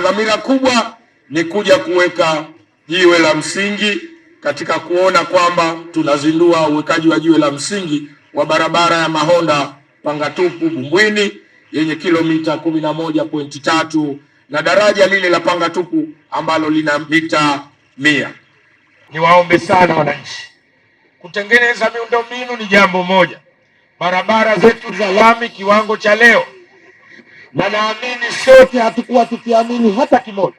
dhamira kubwa ni kuja kuweka jiwe la msingi katika kuona kwamba tunazindua uwekaji wa jiwe la msingi wa barabara ya Mahonda Pangatupu Bumbwini yenye kilomita kumi na moja pointi tatu na daraja lile la Pangatupu ambalo lina mita mia. Niwaombe sana wananchi, kutengeneza miundombinu ni jambo moja. Barabara zetu za lami kiwango cha leo na naamini sote hatukuwa tukiamini hata kimoja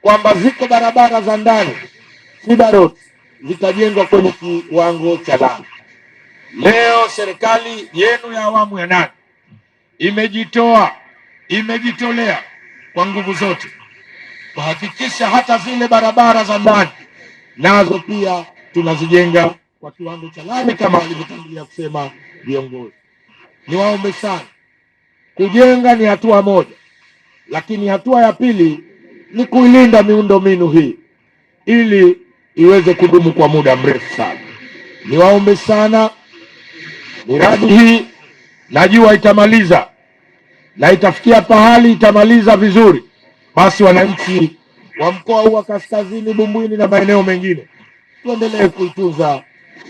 kwamba ziko barabara za ndani sibarot zitajengwa kwenye kiwango cha lami. Leo serikali yenu ya awamu ya nane imejitoa, imejitolea kwa nguvu zote kuhakikisha hata zile barabara za ndani nazo pia tunazijenga kwa kiwango cha lami kama walivyotangulia kusema viongozi. Niwaombe sana Kujenga ni hatua moja, lakini hatua ya pili ni kuilinda miundombinu hii ili iweze kudumu kwa muda mrefu sana. Niwaombe sana, miradi hii najua itamaliza na itafikia pahali itamaliza vizuri, basi wananchi wa mkoa huu wa Kaskazini Bumbwini na maeneo mengine tuendelee kuitunza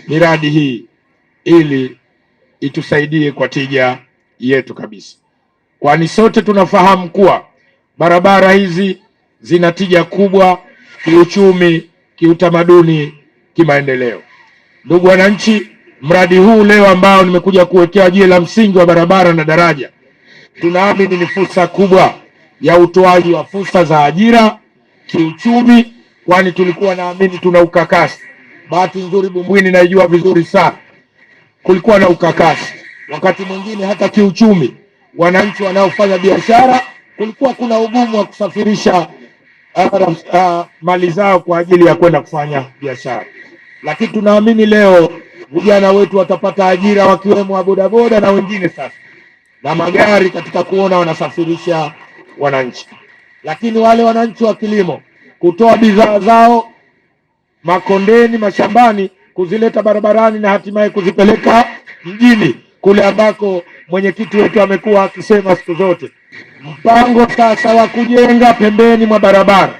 miradi hii ili itusaidie kwa tija yetu kabisa kwani sote tunafahamu kuwa barabara hizi zina tija kubwa kiuchumi, kiutamaduni, kimaendeleo. Ndugu wananchi, mradi huu leo ambao nimekuja kuwekea jiwe la msingi wa barabara na daraja, tunaamini ni fursa kubwa ya utoaji wa fursa za ajira kiuchumi, kwani tulikuwa naamini tuna ukakasi. Bahati nzuri Bumbwini naijua vizuri sana, kulikuwa na ukakasi wakati mwingine hata kiuchumi wananchi wanaofanya biashara, kulikuwa kuna ugumu wa kusafirisha uh, uh, mali zao kwa ajili ya kwenda kufanya biashara, lakini tunaamini leo vijana wetu watapata ajira wakiwemo wa bodaboda na wengine sasa na magari katika kuona wanasafirisha wananchi, lakini wale wananchi wa kilimo kutoa bidhaa zao makondeni, mashambani, kuzileta barabarani na hatimaye kuzipeleka mjini kule ambako mwenyekiti wetu amekuwa akisema siku zote, mpango sasa wa kujenga pembeni mwa barabara,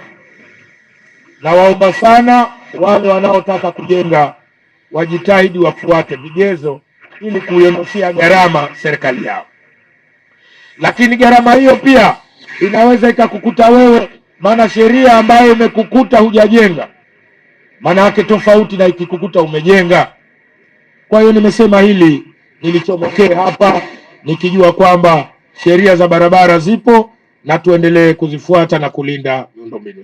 na waomba sana wale wanaotaka kujenga wajitahidi wafuate vigezo ili kuiondoshia gharama serikali yao. Lakini gharama hiyo pia inaweza ikakukuta wewe, maana sheria ambayo imekukuta hujajenga maana yake tofauti na ikikukuta umejenga. Kwa hiyo nimesema hili nilichomekee hapa nikijua kwamba sheria za barabara zipo na tuendelee kuzifuata na kulinda miundombinu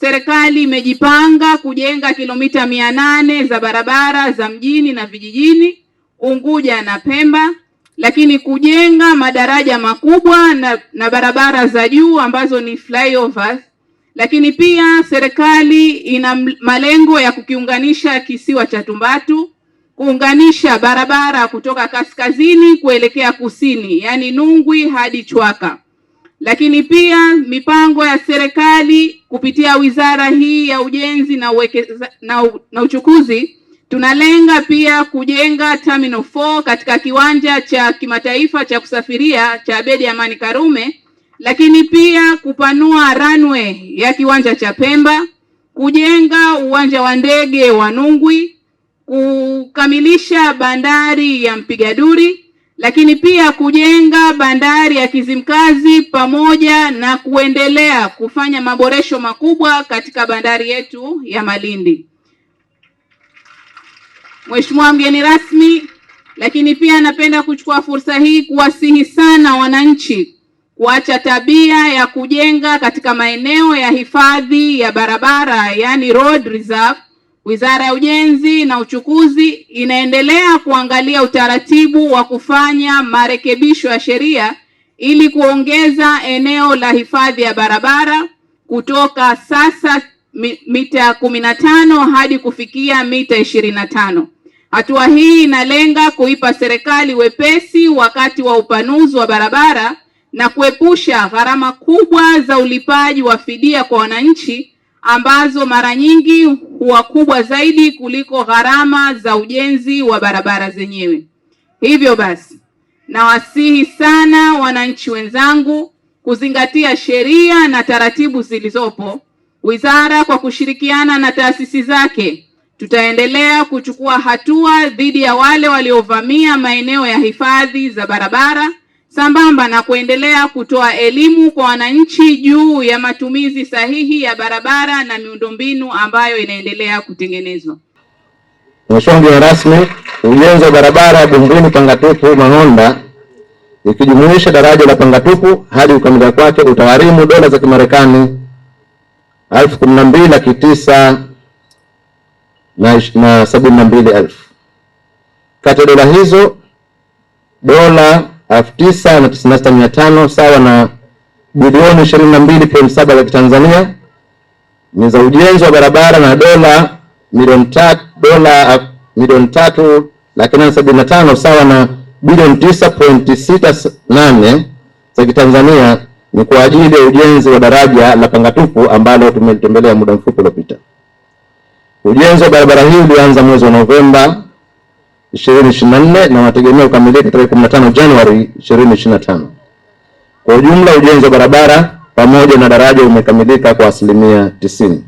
Serikali imejipanga kujenga kilomita mia nane za barabara za mjini na vijijini Unguja na Pemba, lakini kujenga madaraja makubwa na, na barabara za juu ambazo ni flyovers. Lakini pia serikali ina malengo ya kukiunganisha kisiwa cha Tumbatu kuunganisha barabara kutoka kaskazini kuelekea kusini, yaani Nungwi hadi Chwaka. Lakini pia mipango ya serikali kupitia wizara hii ya ujenzi na, uwekeza, na, na uchukuzi tunalenga pia kujenga terminal 4 katika kiwanja cha kimataifa cha kusafiria cha Abedi Amani Karume, lakini pia kupanua runway ya kiwanja cha Pemba, kujenga uwanja wa ndege wa Nungwi kukamilisha bandari ya Mpigaduri, lakini pia kujenga bandari ya Kizimkazi pamoja na kuendelea kufanya maboresho makubwa katika bandari yetu ya Malindi. Mheshimiwa mgeni rasmi, lakini pia napenda kuchukua fursa hii kuwasihi sana wananchi kuacha tabia ya kujenga katika maeneo ya hifadhi ya barabara, yani road reserve Wizara ya Ujenzi na Uchukuzi inaendelea kuangalia utaratibu wa kufanya marekebisho ya sheria ili kuongeza eneo la hifadhi ya barabara kutoka sasa mita kumi na tano hadi kufikia mita 25. na tano. Hatua hii inalenga kuipa serikali wepesi wakati wa upanuzi wa barabara na kuepusha gharama kubwa za ulipaji wa fidia kwa wananchi ambazo mara nyingi kuwa kubwa zaidi kuliko gharama za ujenzi wa barabara zenyewe. Hivyo basi, nawasihi sana wananchi wenzangu kuzingatia sheria na taratibu zilizopo. Wizara kwa kushirikiana na taasisi zake tutaendelea kuchukua hatua dhidi ya wale waliovamia maeneo ya hifadhi za barabara sambamba na kuendelea kutoa elimu kwa wananchi juu ya matumizi sahihi ya barabara na miundombinu ambayo inaendelea kutengenezwa. Mheshimiwa mgeni rasmi, ujenzi wa barabara ya Bumbwini Pangatupu mahonda ikijumuisha daraja la Pangatupu hadi kukamilika kwake utagharimu dola za Kimarekani elfu kumi na mbili laki tisa na sabini na mbili elfu. Kati ya dola hizo dola elfu tisa na tisini na sita mia tano sawa na bilioni ishirini na mbili pointi saba za Kitanzania ni za ujenzi wa barabara na dola milioni tatu dola milioni tatu laki nane sabini na tano sawa na bilioni tisa pointi sita nane za Kitanzania ni kwa ajili ya ujenzi wa daraja la Pangatupu ambalo tumelitembelea muda mfupi uliopita. Ujenzi wa barabara hii ulianza mwezi wa Novemba 2024 na wanategemea ukamilike tarehe 15 Januari 2025. Kwa ujumla ujenzi wa barabara pamoja na daraja umekamilika kwa asilimia 90.